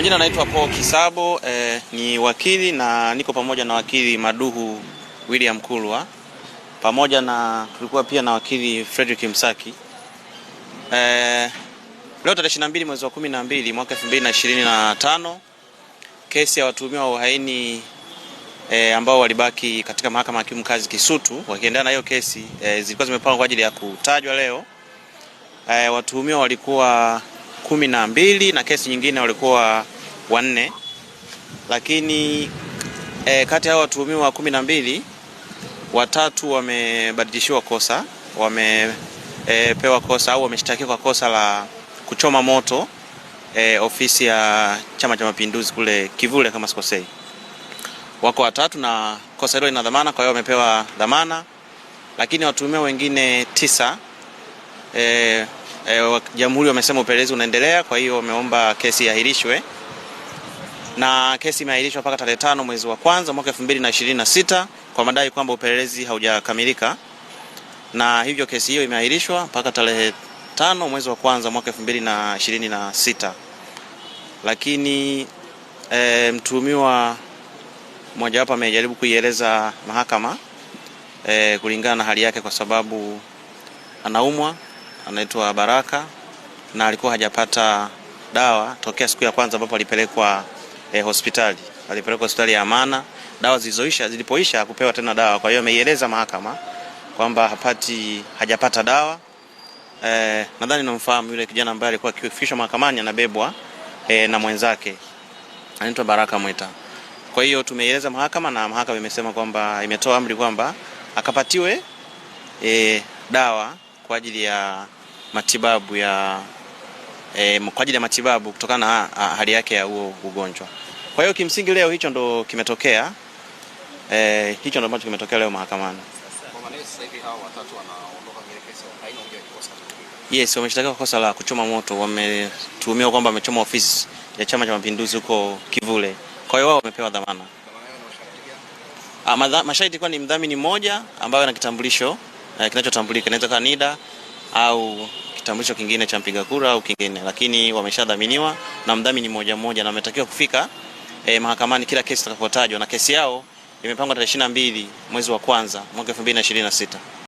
majina anaitwa Paul Kisabo eh, ni wakili na niko pamoja na wakili Maduhu William Kulwa pamoja na tulikuwa pia na wakili Frederick Msaki. Eh, leo tarehe 22 mwezi wa 12 mwaka 2025 kesi ya watuhumiwa wa uhaini eh, ambao walibaki katika mahakama ya hakimu Kisutu wakiendea na hiyo kesi eh, zilikuwa zimepangwa kwa ajili ya kutajwa leo. Eh, watuhumiwa walikuwa kumi na mbili na kesi nyingine walikuwa wanne, lakini e, kati ya hao watuhumiwa kumi na mbili watatu wamebadilishiwa kosa, wamepewa eh, e, kosa au wameshtakiwa kwa kosa la kuchoma moto e, ofisi ya Chama cha Mapinduzi kule Kivule kama sikosei. Wako watatu na kosa hilo lina dhamana, kwa hiyo wamepewa dhamana, lakini watuhumiwa wengine tisa e, e, jamhuri wamesema upelelezi unaendelea, kwa hiyo wameomba kesi iahirishwe na kesi imeahirishwa mpaka tarehe tano mwezi wa kwanza mwaka elfu mbili na na ishirini sita kwa madai kwamba upelelezi haujakamilika, na hivyo kesi hiyo imeahirishwa mpaka tarehe tano mwezi wa kwanza mwaka elfu mbili na na ishirini sita Lakini e, mtuhumiwa mmoja wapo amejaribu kuieleza mahakama e, kulingana na hali yake kwa sababu anaumwa anaitwa Baraka na alikuwa hajapata dawa tokea siku ya kwanza ambapo alipelekwa eh, hospitali. Alipelekwa hospitali ya Amana, dawa zilizoisha zilipoisha kupewa tena dawa. Kwa hiyo ameieleza mahakama kwamba hapati hajapata dawa eh, nadhani namfahamu yule kijana ambaye alikuwa akifishwa mahakamani anabebwa eh, na mwenzake anaitwa Baraka Mweta. Kwa hiyo tumeieleza mahakama na mahakama imesema kwamba imetoa amri kwamba akapatiwe eh, dawa kwa ajili ya matibabu ya e, kwa ajili ya matibabu kutokana na hali yake ya huo ugonjwa. Kwa hiyo kimsingi leo hicho ndo kimetokea e, hicho ndo ambacho kimetokea leo mahakamani. Yes, wameshtakiwa kosa la kuchoma moto, wametuhumiwa kwamba wamechoma ofisi ya Chama cha Mapinduzi huko Kivule. Kwa hiyo wao wamepewa dhamana. Mashahidi ah, kwa ni mdhamini mmoja ambaye ana kitambulisho Eh, kinachotambulika, inaweza kuwa NIDA au kitambulisho kingine cha mpiga kura au kingine, lakini wameshadhaminiwa na mdhamini mmoja mmoja, na wametakiwa kufika eh, mahakamani kila kesi itakapotajwa, na kesi yao imepangwa tarehe 22 mwezi wa kwanza mwaka 2026.